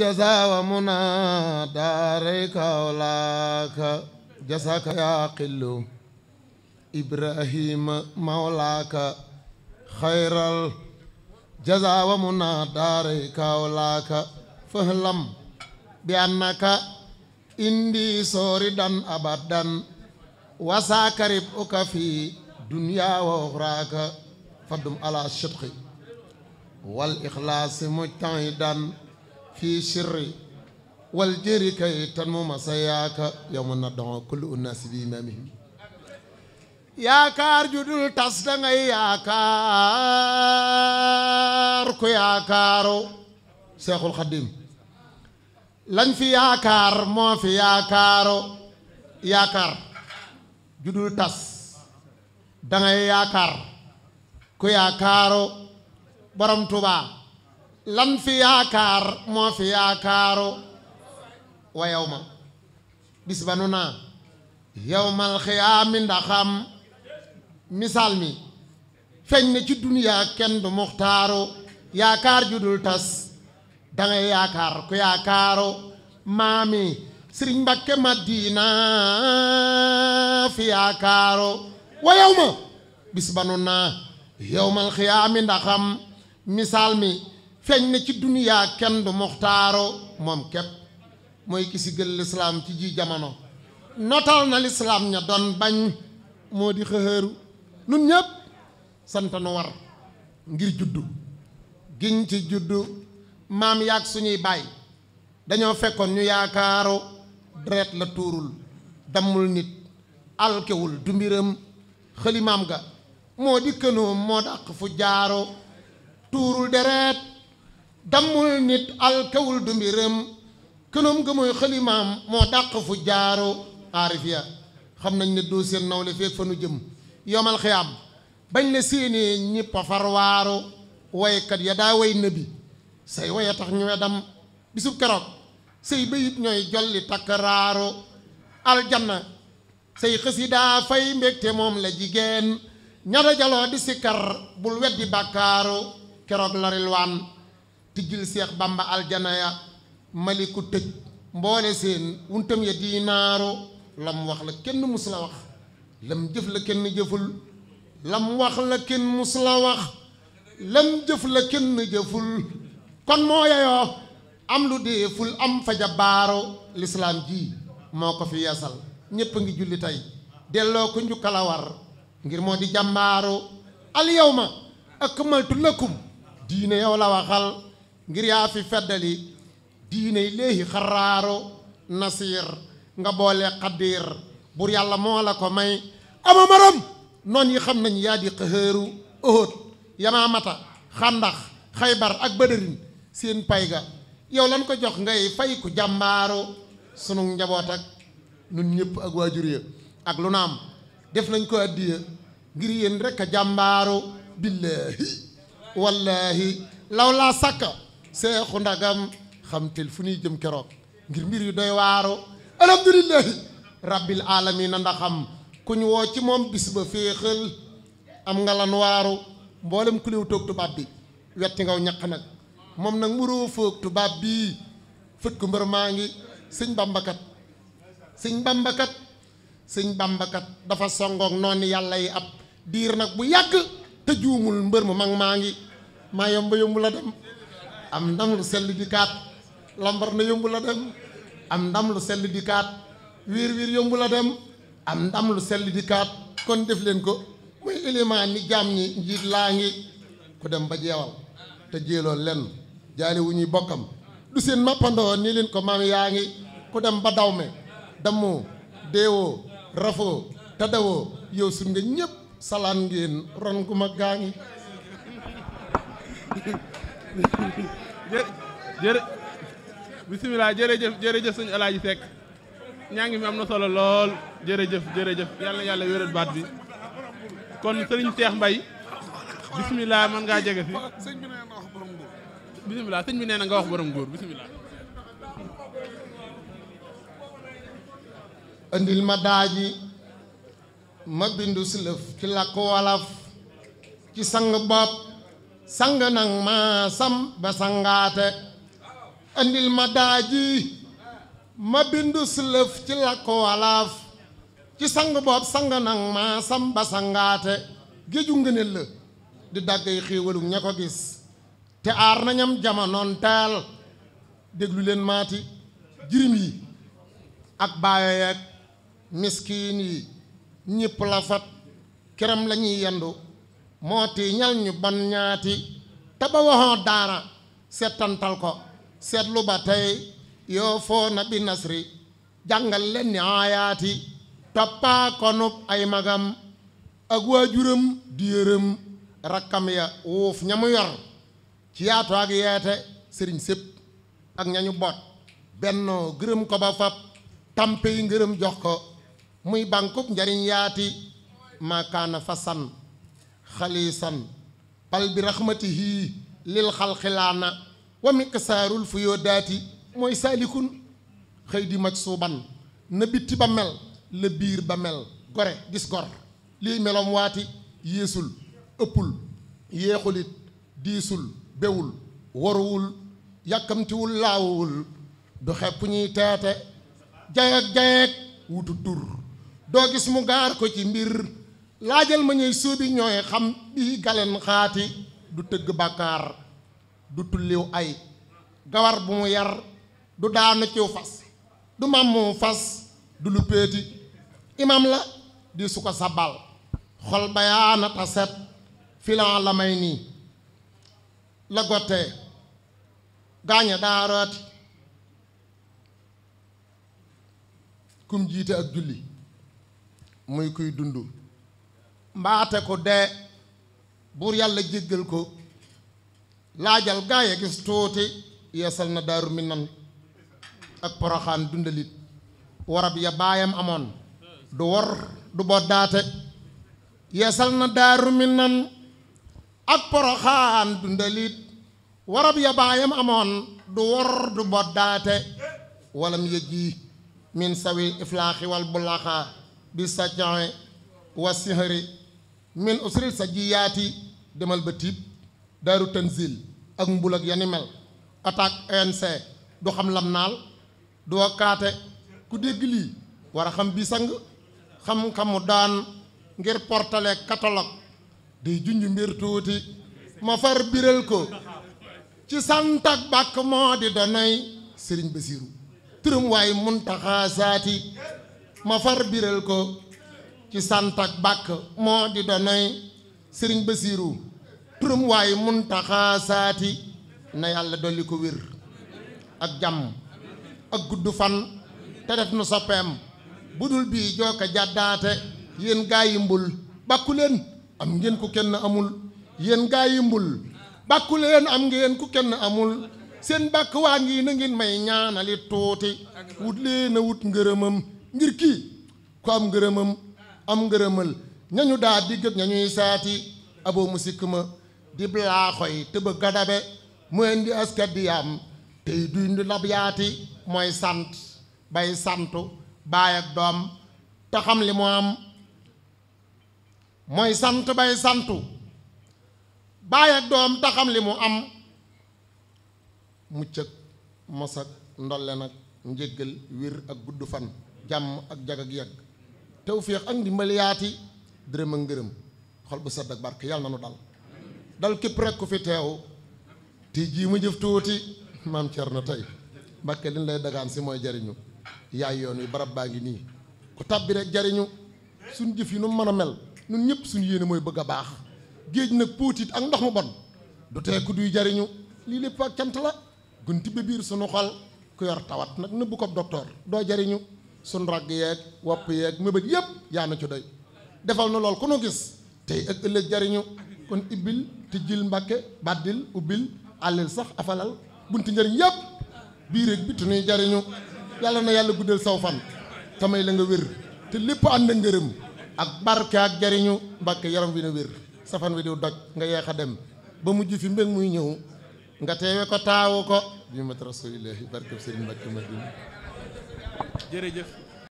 جزا ومنا دارك ولاك جزاك يا قل إبراهيم مولاك خير الجزا ومنا دارك ولاك فهلم بأنك إندي سوردا أبدا وساكربك في دنيا وأخراك فدم على الشدق والإخلاص مجتهدا fi sirri wal jëri kay tan mu ma sa yaaka yow mën na don kullu unnaasi bi imaamihim yaakaar ju dul tas da ngay ku yaakaaru seexul xaddim lañ fi yaakaar moo fi yaakaaru yaakaar ju dul tas da ngay ku yaakaaru borom Tuubaa lan fi yaakaar moo fi yaakaaru wa yow ma bis nu naa yow mal xiyaami ndaxam misaal mi feeñ ne ci duniyaa kenn du muxtaaru yaakaar ju dul tas dangay yaakaar ku yaakaaru maami sëriñ Mbàkke Madina fi yaakaaru wa yow ma bis nu naa yow mal xiyaami ndaxam misaal mi feeñ na ci duniyaa kenn du muxtaaro moom képp mooy ki si lislaam ci ji jamono notal na lislaam ña doon bañ moo di xëhëru nun ñëpp sant nu war ngir juddu giñ ci juddu maam yaag suñuy baay dañoo fekkoon ñu yaakaaru deret la tuurul dammul nit alkewul du mbiram xëlimaam ga moo di kënoom moo dàq fu jaaro tuurul deret dammul nit alkawul du mbiram kënoom nga mooy moo dàq fu jaaro aarifiya xam nañ ne doo seen nawle feeg fa nu jëm yomal xiyaam bañ la séenee ñëpp a farwaaru waykat ya daa woy nëbi say waya tax ñu wedam bisub keroog say bayit ñooy jolli takkaraaru aljanna say xësidaa fay mbégte moom la jigéen ñada jaloo di sikkar bul weddi bàkkaaru keroog larilwaan tijjul seex bamba aljana ya maliku tëj mboole seen wuntam ya diinaaro lam wax la kenn mus la wax lam jëf la kenn jëful lam wax la kenn mus la wax lam jëf la kenn jëful kon moo yeyoo am lu deeful am faja lislaam ji moo ko fi yeesal ñépp a ngi julli tey delloo ko njukkal a war ngir moo di jàmbaaro al yawma akmaltu lakum diine yow la waxal ngir yaa fi feddali diiney léegi xaraaru nasiir nga boole xaddiir bur yàlla moo la ko may ama noon yi xam nañ yaa di xëhëru Uhud Yamaamata xàndax xaybar ak bëdërin seen payga yow lan ko jox ngay fay ku jàmbaaru sunu njaboot ak nun ñëpp ak waajur ya ak lu naam def nañ ko addiya ngir yéen rek a jàmbaaru billaahi wallaahi law laa sàkka seexu ndagam xamtel fu nuy jëm keroog ngir mbir yu doy waaro alhamdulilahi rabbil alamina ndaxam kuñ woo ci moom bis ba féexal am nga lan waaru mboolem ku tubaab bi wetti ngaw ñaq nag moom nag muroo foog tubaab bii fët ku mbër maa ngi sëñ bambakat sëñ bambakat sëñ bambakat dafa songoog noonu yàlla yi ab diir nag bu yàgg te juumul mbër mu mag maa ngi maa yomb yomb la dem am ndam lu sell di kaat lambar na yomb la dem am ndam lu sell di kaat wiir wiir yomb la dem am ndam lu sell di kaat kon def leen ko muy ilimaan ni jaam ñi njiit laa ngi ku dem ba jeewal te jéeloo lenn jaali bokkam du seen mappandoo nii leen ko maam yaa ngi ku dem ba daw me dammoo deewoo rafoo taddawoo yow sun nga ñépp salaan ngeen ron gu ma gaa ngi jë jërë bisimilah jërëjëf jërëjëf sëñ Alaaji Seck ñaa ngi mi am na solo lool jërëjëf jërëjëf yàlla yàlla wéral baat bi kon sëriñ Seex Mbay bisimilah man ngaa jege si bisimilah sëñ bi nee na nga wax borom góor bisimilah andil ma daaji ma bindu silëf ci làkku wolof ci sang bopp sang nang ma sam ba sangaate andil ma ma bindu silëf ci làkku walaaf ci sang boob sang nang ma sam géeju ngëneel la di dàggay xéewalu ña ko gis te aar nañam jamonoon teel déglu maati jirim yi ak baayo yeeg miskiin yi ñépp la fat lañuy yendu moo ti ñu ban ñaati te ba waxoo daara seetantal ko seetlu ba tey yoo foo na bi nasri jàngal leen ni aayaati toppaa konub ay magam ak waajuram di yërëm rakkam ya wuuf ñamu yor ci yaatu ak yeete sëriñ sépp ak ñañu bot bennoo gërëm ko ba fab tampe yi ngërëm jox ko muy bànkub njariñ yaati maakaana fasan xaliisan pal bi raxmatihi lil xalxilaana wa miqsaarul fuyoodaati mooy saalikun xëy di maj suuban na bitti ba mel la biir ba mel gore gis gor lii meloom waati yéesul ëppul yéexulit diisul bewul waruwul yàkkamtiwul laawul du xepp ñuy teete jayeeg jayeeg wutu tur doo gis mu gaar ko ci mbir laajal ma ñuy suubi ñooy xam bii galen xaati du tëgg bàkkaar du tulliw ay gawar bu mu yar du daanu ciw fas du mam mu fas du lu péeti imam la di su ko sabal xol bayaana taset filan la may nii la gottee gaañe daarooti kum jiite ak julli muy kuy dund mbaate ku dee buur yàlla jéggal ko laajal gaay a gis tuuti yeesal na daaru minan ak poroxaan dundalit warab ya baayam amoon du wor du boddaate yeesal na daaru minan ak poroxaan dundalit warab ya baayam amoon du wor du boddaate walam yëjji min sawi iflaaxi wal bulaxaa bi saccoe wa sihri min usril sa jiyaati demal ba tiib daaru tanzil ak mbul ak yani mel attaque ANC du xam lam naal du kaate ku dégg lii war a xam bi sang xam-xamu daan ngir portale catalogue day junj mbir tuuti ma far biral ko ci sant ak bàkk moo di danay sëriñ Basiiru turam waaye muntaxaa saati ma far biral ko ci sant ak bàkk moo di donoy sëriñ Basiiru turum waay muntaxaa saati na yàlla dolli ko wér ak jàmm ak gudd fan te def nu soppeem bu dul bii jooka jàddaate yéen gaa yi mbul bàkku leen am ngeen ku kenn amul yéen gaa mbul bàkku leen am ngeen ku kenn amul seen bàkk waa ngi na ngeen may ñaanali tuuti wut leen a wut ngërëmam ngir kii ko am ngërëmam am ngërëmal ñañu daa digg ak ñañuy saati abo mu sikk ma di blaaxoy tëb mu indi askat di am tey dundi lab yaati mooy sant bay santu baay ak doom te li mu am mooy sant bay santu baay ak mu am muccëg mosak ndolle nag njéggal wir ak gudd fan jàmm ak jag ak yegg tawféex ak ndimbaliyaati dërëm ak ngërëm xol bu sedd ak barke yàlla na nu dal dal képp rek ku fi teew te jii mu jëf tuuti maam na tey Mbàkke liñ lay dagaan si mooy jariñu yaay yoon wi barab baa ngi nii ku tàbbi rek jariñu suñ jëf yi nu mën a mel nun ñëpp suñ yéene mooy bëgg a baax géej nag póotit ak ndox mu bon du tee ku duy jariñu lii lépp ak cant la gunti ba biir sunu xol ku yor tawat nag nëbbu ko docteur doo jariñu suñ ragg yeeg wopp yeeg mébét yëpp yaa na ci doy defal na lool ku nu gis tey ak ëllëg jariñu kon ibbil tijjil mbàkke baddil ubbil àllil sax afalal bunti njëriñ yëpp biir ak bitti nuy jariñu yàlla na yàlla guddal saw fan tamay la nga wér te lépp ànd ngërëm ak barke ak jariñu mbàkke yaram wi na wér safan wi diw doj nga yeex a dem ba mujj fi mbég muy ñëw nga teewe ko taawu ko bi mat rasulillahi barkeb seen mbàkke madina jërëjëf